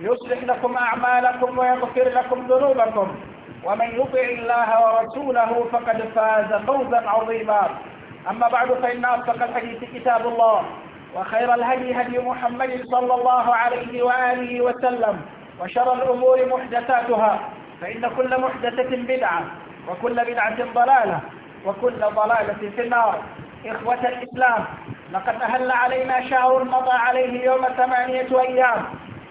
يصلح لكم أعمالكم ويغفر لكم ذنوبكم ومن يطع الله ورسوله فقد فاز فوزا عظيما أما بعد فإن أصدق الحديث كتاب الله وخير الهدي هدي محمد صلى الله عليه وآله وسلم وشر الأمور محدثاتها فإن كل محدثة بدعة وكل بدعة ضلالة وكل ضلالة في النار إخوة الإسلام لقد أهل علينا شهر مضى عليه يوم ثمانية أيام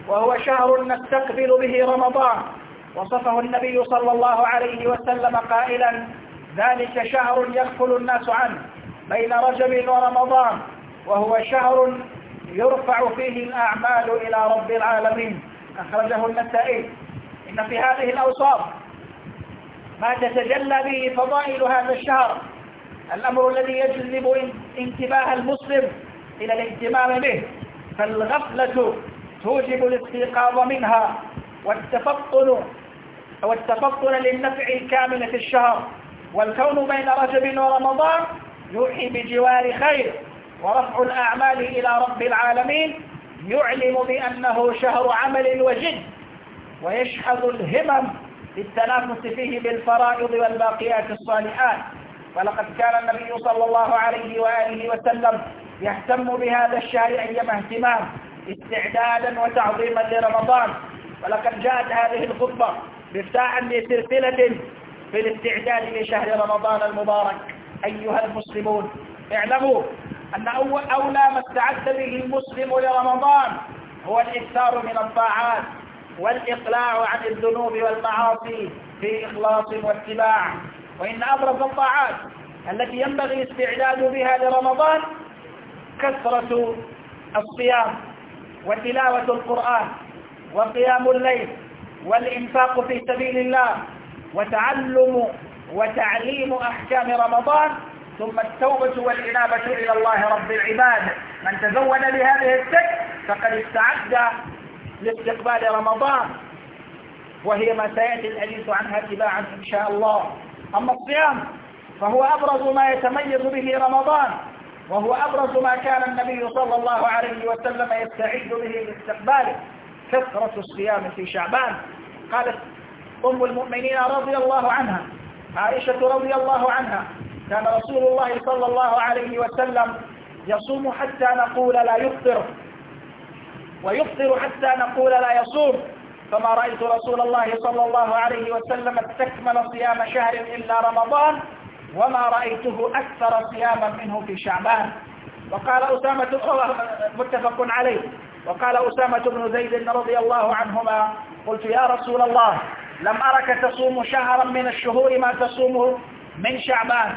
وهو شهر نستقبل به رمضان وصفه النبي صلى الله عليه وسلم قائلا ذلك شهر يغفل الناس عنه بين رجب ورمضان وهو شهر يرفع فيه الأعمال إلى رب العالمين أخرجه النسائي إن في هذه الأوصاف ما تتجلى به فضائل هذا الشهر الأمر الذي يجلب انتباه المسلم إلى الاهتمام به فالغفلة توجب الاستيقاظ منها والتفطن والتفطن للنفع الكامل في الشهر والكون بين رجب ورمضان يوحي بجوار خير ورفع الأعمال إلى رب العالمين يعلم بأنه شهر عمل وجد ويشحذ الهمم للتنافس فيه بالفرائض والباقيات الصالحات ولقد كان النبي صلى الله عليه وآله وسلم يهتم بهذا الشهر أيما اهتمام استعدادا وتعظيما لرمضان ولقد جاءت هذه الخطبة مفتاحا لسلسلة في الاستعداد لشهر رمضان المبارك أيها المسلمون اعلموا أن أول أولى ما استعد به المسلم لرمضان هو الإكثار من الطاعات والإقلاع عن الذنوب والمعاصي في إخلاص واتباع وإن أبرز الطاعات التي ينبغي الاستعداد بها لرمضان كثرة الصيام وتلاوة القرآن وقيام الليل والإنفاق في سبيل الله وتعلم وتعليم أحكام رمضان ثم التوبة والإنابة إلى الله رب العباد من تزود بهذه الست فقد استعد لاستقبال رمضان وهي ما سيأتي الأليس عنها تباعا إن شاء الله أما الصيام فهو أبرز ما يتميز به رمضان وهو أبرز ما كان النبي صلى الله عليه وسلم يستعد به لاستقباله كثرة الصيام في شعبان قالت أم المؤمنين رضي الله عنها عائشة رضي الله عنها كان رسول الله صلى الله عليه وسلم يصوم حتى نقول لا يفطر ويفطر حتى نقول لا يصوم فما رأيت رسول الله صلى الله عليه وسلم استكمل صيام شهر إلا رمضان وما رأيته أكثر صياما منه في شعبان وقال أسامة متفق عليه وقال أسامة بن زيد رضي الله عنهما قلت يا رسول الله لم أرك تصوم شهرا من الشهور ما تصومه من شعبان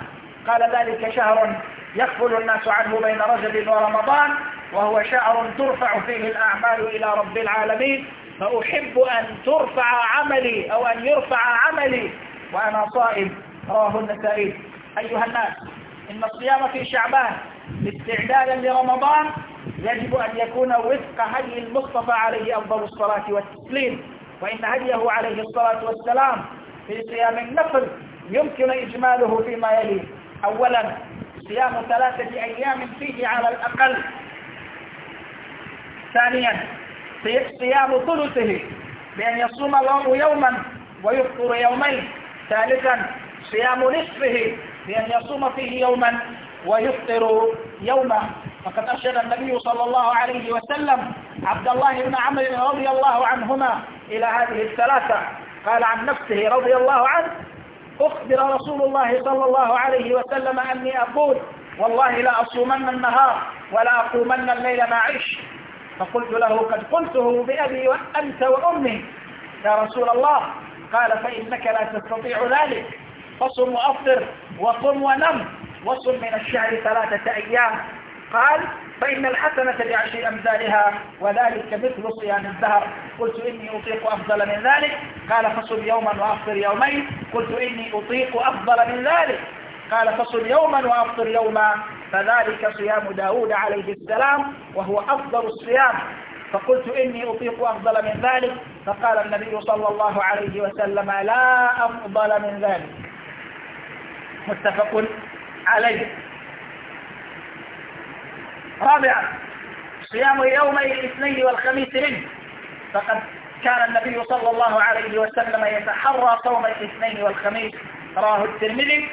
قال ذلك شهر يغفل الناس عنه بين رجب ورمضان وهو شهر ترفع فيه الأعمال إلى رب العالمين فأحب أن ترفع عملي أو أن يرفع عملي وأنا صائم رواه النسائي أيها الناس إن الصيام في شعبان استعدادا لرمضان يجب أن يكون وفق هدي المصطفى عليه أفضل الصلاة والتسليم وإن هديه عليه الصلاة والسلام في صيام النفل يمكن إجماله فيما يلي أولا صيام ثلاثة أيام فيه على الأقل ثانيا صيام ثلثه بأن يصوم الله يوما ويفطر يومين ثالثا صيام نصفه بأن يصوم فيه يوما ويفطر يوما فقد أرشد النبي صلى الله عليه وسلم عبد الله بن عمرو رضي الله عنهما إلى هذه الثلاثة قال عن نفسه رضي الله عنه أخبر رسول الله صلى الله عليه وسلم أني أقول والله لا أصومن النهار ولا أقومن الليل ما عش فقلت له قد قلته بأبي وأنت وأمي يا رسول الله قال فإنك لا تستطيع ذلك فصم وأفطر وقم ونم وصم من الشهر ثلاثة أيام قال فإن الحسنة بعشر أمثالها وذلك مثل صيام الدهر قلت إني أطيق أفضل من ذلك قال فصل يوما وأفطر يومين قلت إني أطيق أفضل من ذلك قال فصل يوما وأفطر يوما فذلك صيام داود عليه السلام وهو أفضل الصيام فقلت إني أطيق أفضل من ذلك فقال النبي صلى الله عليه وسلم لا أفضل من ذلك متفق عليه رابعا صيام يومي الاثنين والخميس منه فقد كان النبي صلى الله عليه وسلم يتحرى صوم الاثنين والخميس راه الترمذي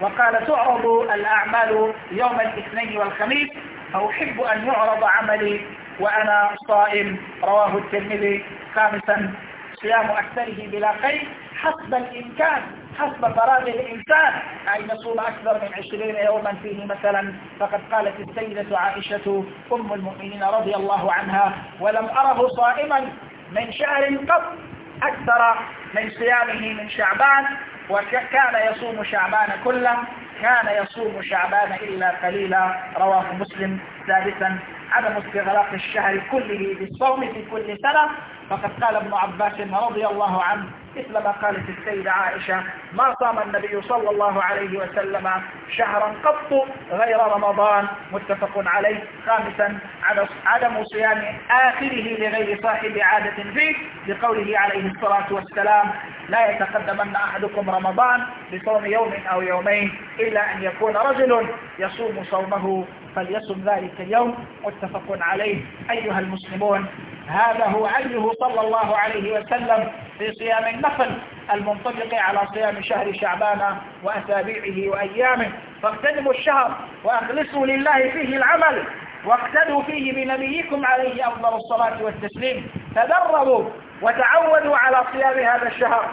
وقال تعرض الأعمال يوم الاثنين والخميس فأحب أن يعرض عملي وأنا صائم رواه الترمذي خامسا صيام أكثره بلا قيد حسب الإمكان حسب فراغ الإنسان أن يصوم أكثر من عشرين يوما فيه مثلا فقد قالت السيدة عائشة أم المؤمنين رضي الله عنها ولم أره صائما من شهر قط أكثر من صيامه من شعبان وكان يصوم شعبان كله كان يصوم شعبان إلا قليلا رواه مسلم ثالثا عدم استغلاق الشهر كله بالصوم في كل سنة فقد قال ابن عباس رضي الله عنه مثل ما قالت السيدة عائشة ما صام النبي صلى الله عليه وسلم شهرا قط غير رمضان متفق عليه خامسا عدم صيام آخره لغير صاحب عادة فيه لقوله عليه الصلاة والسلام لا يتقدمن أحدكم رمضان بصوم يوم أو يومين إلا أن يكون رجل يصوم صومه فليصم ذلك اليوم متفق عليه أيها المسلمون هذا هو عزه صلى الله عليه وسلم في صيام ما النفل المنطبق على صيام شهر شعبان وأسابيعه وأيامه فاغتنموا الشهر وأخلصوا لله فيه العمل واقتدوا فيه بنبيكم عليه أفضل الصلاة والتسليم تدربوا وتعودوا على صيام هذا الشهر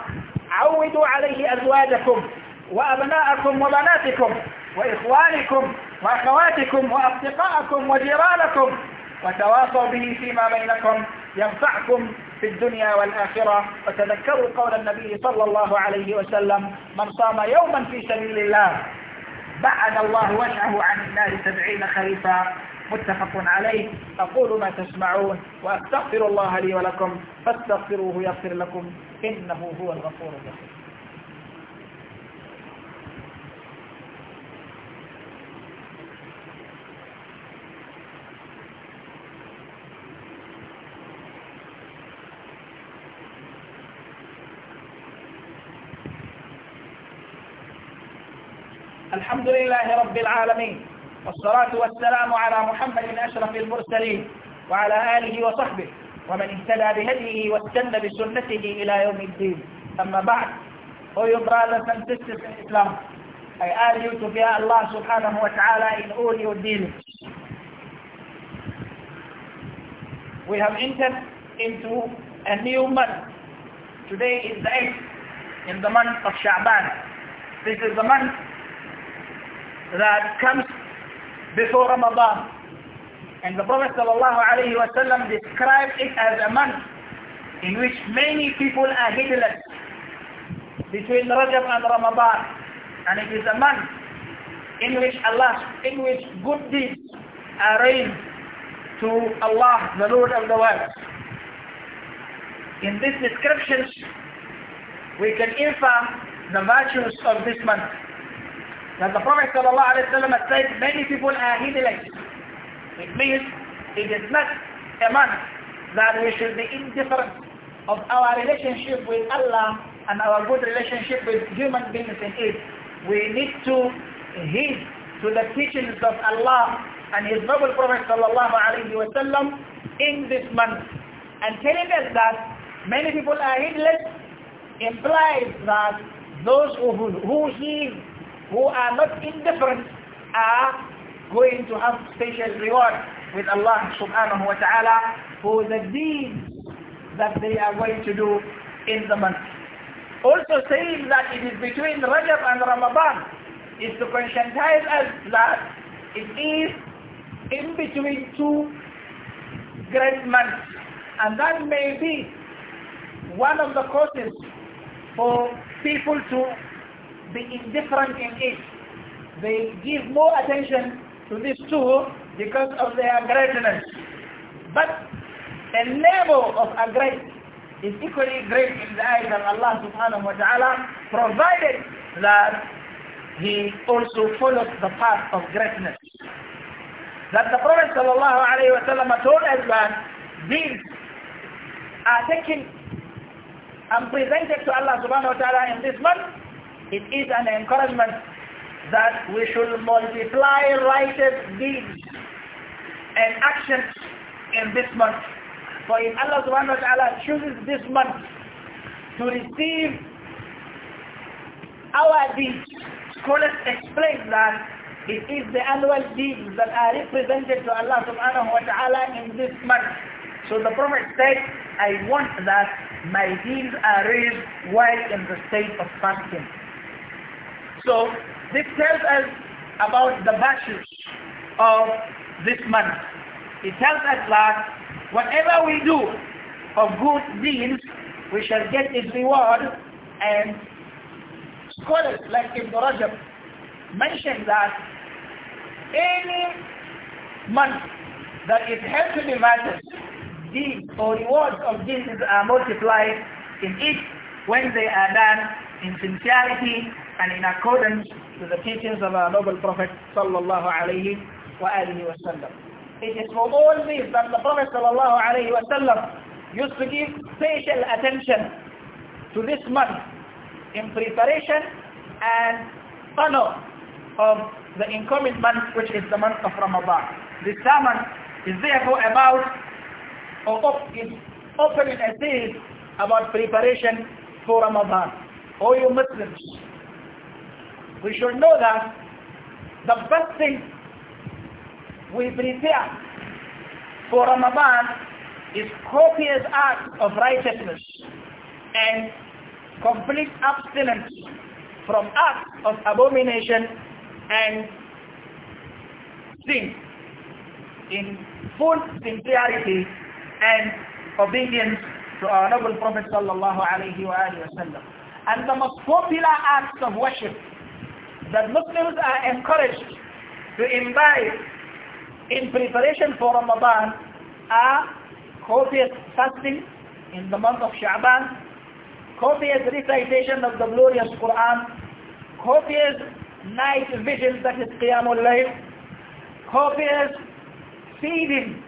عودوا عليه أزواجكم وأبناءكم وبناتكم وإخوانكم وأخواتكم وأصدقائكم وجيرانكم وتواصوا به فيما بينكم ينفعكم في الدنيا والآخرة وتذكروا قول النبي صلى الله عليه وسلم من صام يوما في سبيل الله بعد الله وجهه عن النار سبعين خريفا متفق عليه أقول ما تسمعون وأستغفر الله لي ولكم فاستغفروه يغفر لكم إنه هو الغفور الرحيم الحمد لله رب العالمين والصلاة والسلام على محمد أشرف المرسلين وعلى آله وصحبه ومن اهتدى بهديه واستنى بسنته إلى يوم الدين أما بعد Oh you brothers and sisters in Islam I urge you to fear Allah subhanahu wa ta'ala in all your dealings We have entered into a new month Today is the 8th in the month of Sha'ban This is the month that comes before Ramadan. And the Prophet ﷺ described it as a month in which many people are heedless between Rajab and Ramadan. And it is a month in which Allah, in which good deeds are raised to Allah, the Lord of the world. In these descriptions, we can infer the virtues of this month that the Prophet ﷺ said many people are idolized. It means it is not a month that we should be indifferent of our relationship with Allah and our good relationship with human beings in it. We need to heed to the teachings of Allah and His noble Prophet ﷺ in this month. And telling us that many people are heedless implies that those who, who heed who are not indifferent are going to have special reward with Allah subhanahu wa ta'ala for the deeds that they are going to do in the month. Also saying that it is between Rajab and Ramadan is to conscientize us that it is in between two great months and that may be one of the causes for people to the indifferent in it. They give more attention to these two because of their greatness. But the level of a great is equally great in the eyes of Allah subhanahu wa ta'ala provided that he also follows the path of greatness. That the Prophet sallallahu alayhi wa sallam told us that these are taken and presented to Allah subhanahu wa ta'ala in this month it is an encouragement that we should multiply righteous deeds and actions in this month. For if Allah subhanahu wa ta'ala chooses this month to receive our deeds, scholars explain that it is the annual deeds that are represented to Allah subhanahu wa ta'ala in this month. So the Prophet said, I want that my deeds are raised while in the state of fasting. So this tells us about the virtues of this month. It tells us that whatever we do of good deeds, we shall get its reward and scholars like Ibn Rajab mentioned that any month that is held to be matters, deeds or rewards of deeds are multiplied in it when they are done in sincerity and in accordance to the teachings of our noble Prophet sallallahu alayhi wa alihi wasallam. It is for all these that the Prophet sallallahu alayhi wasallam used to give special attention to this month in preparation and honor of the incoming month which is the month of Ramadan. This sermon is therefore about or op is opening a series about preparation for Ramadan. O you Muslims, we should know that the best thing we prepare for Ramadan is copious acts of righteousness and complete abstinence from acts of abomination and sin in full sincerity and obedience to our noble Prophet sallallahu alayhi wa And the most popular acts of worship that Muslims are encouraged to imbibe in preparation for Ramadan are copious fasting in the month of Sha'ban, copious recitation of the glorious Quran, copious night visions that is Qiyamul Layl, copious feeding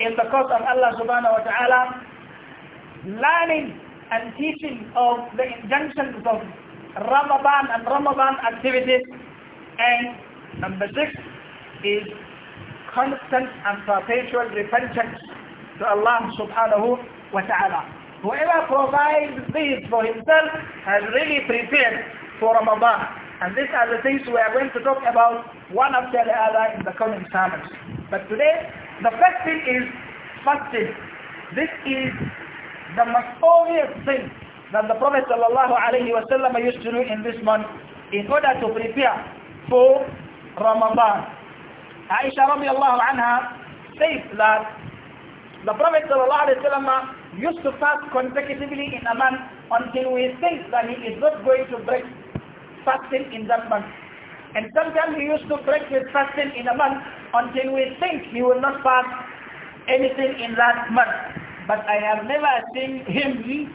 in the cause of Allah subhanahu wa ta'ala, learning and teaching of the injunctions of Ramadan and Ramadan activities. And number six is constant and perpetual repentance to Allah subhanahu wa ta'ala. Whoever provides these for himself has really prepared for Ramadan. And these are the things we are going to talk about one after the other in the coming sermons. But today, the first thing is fasting. This is the most obvious thing that the Prophet sallallahu used to do in this month in order to prepare for Ramadan. Aisha radiallahu anha says that the Prophet sallallahu used to fast consecutively in a month until we think that he is not going to break fasting in that month. And sometimes he used to break his fasting in a month until we think he will not fast anything in that month. But I have never seen him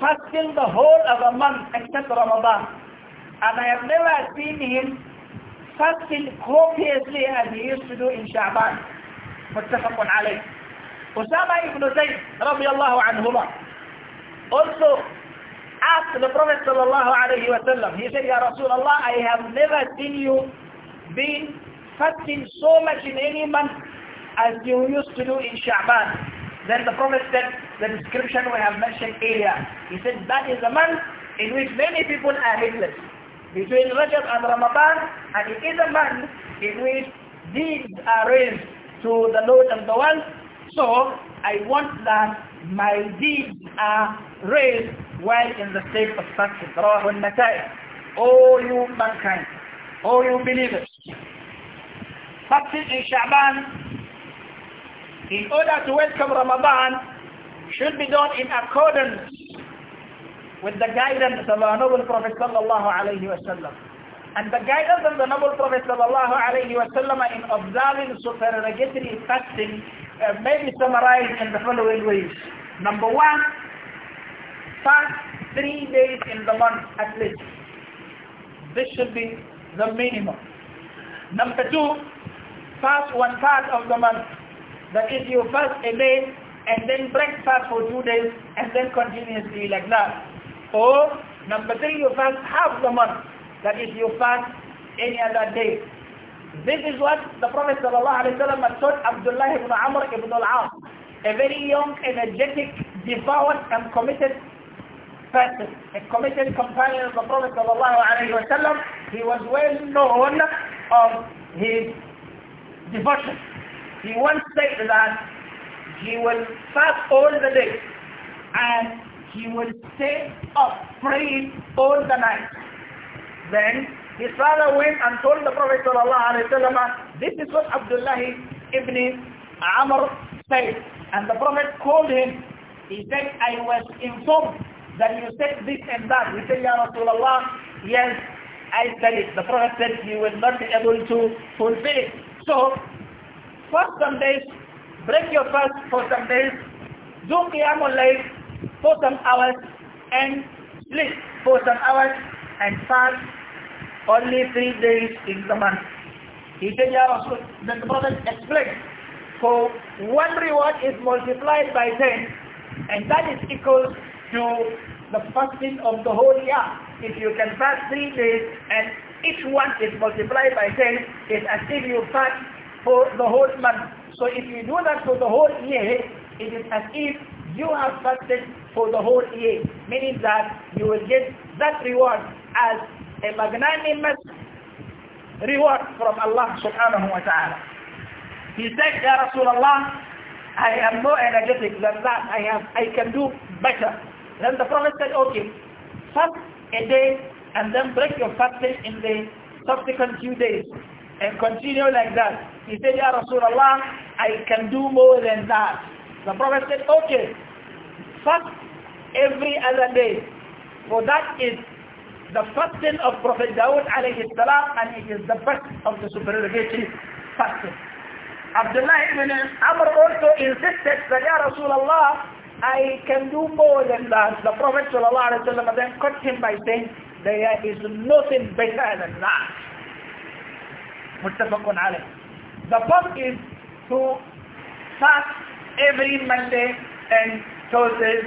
fasting the whole of a month except Ramadan. And I have never seen him fasting copiously as he used to do in Sha'ban. متفق عليه. Usama ibn Zayd رضي الله عنهما also asked the Prophet sallallahu الله عليه he said, Ya Rasulullah, I have never seen you being fasting so much in any month as you used to do in Sha'ban. Then the Prophet said, the description we have mentioned earlier, he said that is a month in which many people are heedless. Between Rajab and Ramadan, and it is a month in which deeds are raised to the Lord of the world. So I want that my deeds are raised while in the state of fasting. Rawahul Natai. Oh you mankind, all you believers. Fasting in Sha'ban in order to welcome Ramadan should be done in accordance with the guidance of our noble Prophet sallallahu alayhi wasallam. And the guidance of the noble Prophet sallallahu alayhi wasallam in observing supererogatory fasting uh, may be summarized in the following ways. Number one, fast three days in the month at least. This should be the minimum. Number two, fast one part of the month. That is you fast a day and then breakfast for two days and then continuously like that. Or number three, you fast half the month. That is you fast any other day. This is what the Prophet ﷺ taught Abdullah ibn Amr ibn al-As, a very young, energetic, devout and committed person, a committed companion of the Prophet ﷺ. He was well known of his devotion. He once said that he will fast all the day and he will stay up praying all the night. Then his father went and told the Prophet ﷺ, this is what Abdullah ibn Amr said. And the Prophet called him. He said, I was informed that you said this and that. He said, Ya Rasulullah, yes, I said it. The Prophet said "You will not be able to fulfill it. So fast some days, break your fast for some days, do Qiyam al-Layl for some hours, and sleep for some hours, and fast only three days in the month. He said, Ya Rasul, then the Prophet explained, for one reward is multiplied by ten, and that is equal to the fasting of the whole year. If you can fast three days, and each one is multiplied by ten, it's as if you fast for the whole month. So if you do that for the whole year, it is as if you have fasted for the whole year, meaning that you will get that reward as a magnanimous reward from Allah subhanahu wa ta'ala. He said, Ya Rasulullah, I am more energetic than that. I, have, I can do better. Then the Prophet said, okay, fast a day and then break your fasting in the subsequent few days and continue like that. He said, Ya Rasulullah, I can do more than that. The Prophet said, okay, fast every other day. For that is the fasting of Prophet Dawood alayhi salam and it is the best of the supererogatory fasting. Abdullah ibn Amr also insisted that Ya Rasulullah, I can do more than that. The Prophet sallallahu alayhi wa sallam then cut him by saying, there is nothing better than that. Muttafaqun alayh. The pub is to fast every Monday and thursday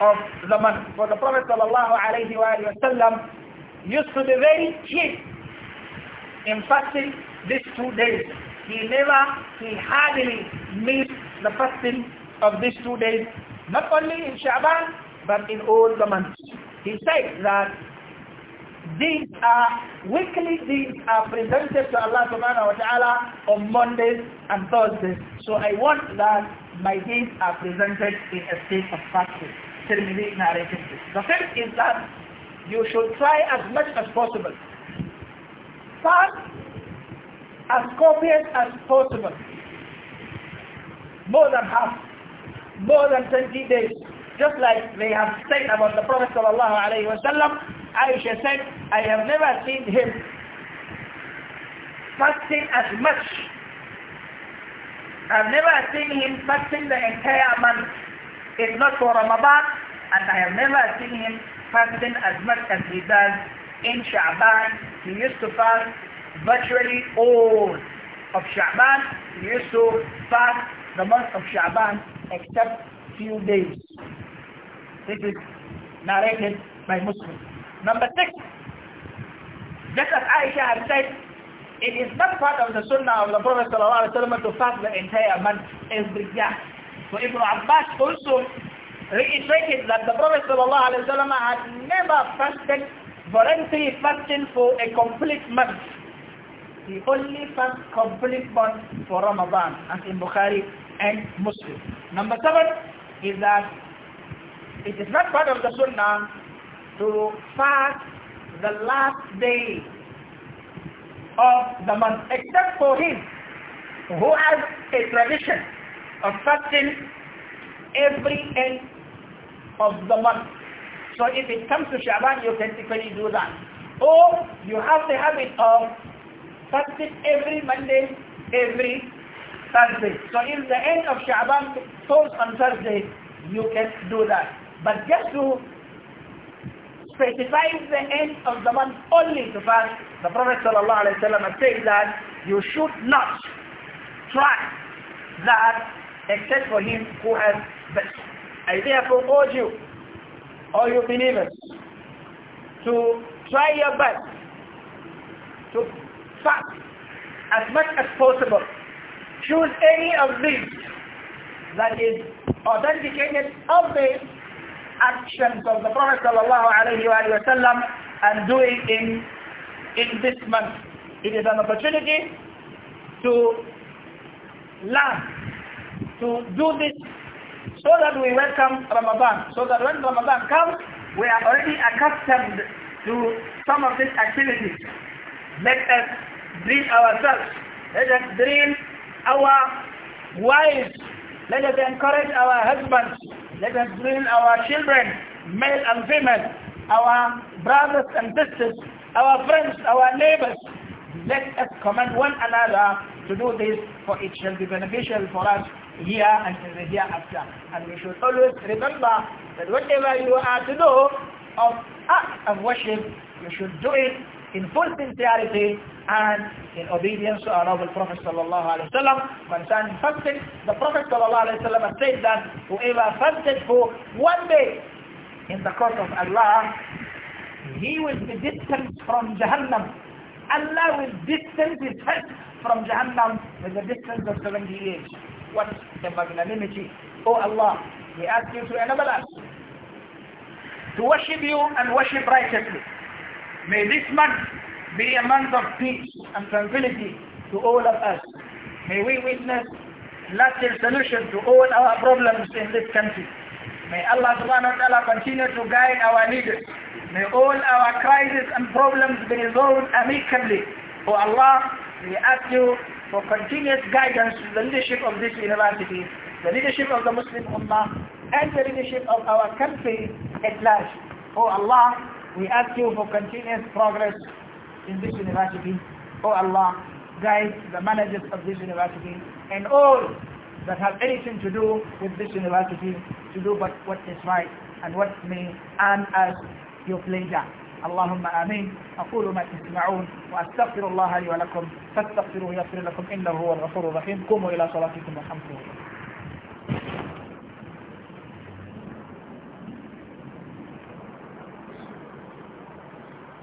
of the month. For the Prophet sallallahu alayhi wa used to be very keen in fasting these two days. He never, he hardly missed the fasting of these two days, not only in Sha'ban, but in all the months. He said that these are weekly, these are presented to Allah subhanahu wa ta'ala on Mondays and Thursdays. So I want that my deeds are presented in a state of fasting. Tirmidhi The first is that you should try as much as possible. Fast as copious as possible. More than half. More than 20 days just like they have said about the Prophet sallallahu alayhi wa sallam, Aisha said, I have never seen him fasting as much. I've never seen him fasting the entire month, if not for Ramadan, and I have never seen him fasting as much as he does in Sha'ban. He used to fast virtually all of Sha'ban. He used to fast the month of Sha'ban except few days. This is narrated by Muslim. Number six, just as Aisha had said, it is not part of the sunnah of the Prophet ﷺ to fast the entire month every year. So Ibn Abbas also reiterated that the Prophet ﷺ had never fasted voluntary fasting for a complete month. He only fast complete month for Ramadan as in Bukhari and Muslim. Number seven is that it is not part of the sunnah to fast the last day of the month, except for him who has a tradition of fasting every end of the month. So if it comes to Shaban, you can typically do that. Or you have the habit of fasting every Monday, every Thursday. So if the end of Shaban falls on Thursday, you can do that. But just to specify the end of the month only to fast, the Prophet ﷺ said that you should not try that except for him who has best. I therefore urge you, all you believers, to try your best to fast as much as possible. Choose any of these that is authenticated of the actions of the Prophet ﷺ and doing in, in this month. It is an opportunity to learn, to do this so that we welcome Ramadan, so that when Ramadan comes, we are already accustomed to some of these activities. Let us drill ourselves. Let us drill our wives. Let us encourage our husbands let us bring our children, male and female, our brothers and sisters, our friends, our neighbors. Let us command one another to do this for it shall be beneficial for us here and in the hereafter. And we should always remember that whatever you are to do of act of worship, you should do it in full sincerity and in obedience to our noble Prophet sallallahu alaihi wasallam concerning fasting. The Prophet sallallahu alaihi wasallam has said that whoever fasted for one day in the court of Allah, he will be distanced from Jahannam. Allah will distance his head from Jahannam with a distance of 70 years. What a magnanimity. Oh Allah, we ask you to enable us to worship you and worship righteously. May this month be a month of peace and tranquility to all of us. May we witness lasting solution to all our problems in this country. May Allah subhanahu wa ta'ala continue to guide our leaders. May all our crises and problems be resolved amicably. O Allah, we ask you for continuous guidance to the leadership of this university, the leadership of the Muslim Ummah, and the leadership of our country at large. O Allah, we ask you for continuous progress in this university. Oh Allah, guide the managers of this university and all that have anything to do with this university to do but what is right and what may earn us your pleasure. اللهم آمين أقول ما تسمعون وأستغفر الله لي ولكم فاستغفروه يغفر لكم إنه هو الغفور الرحيم قوموا إلى صلاتكم والحمد لله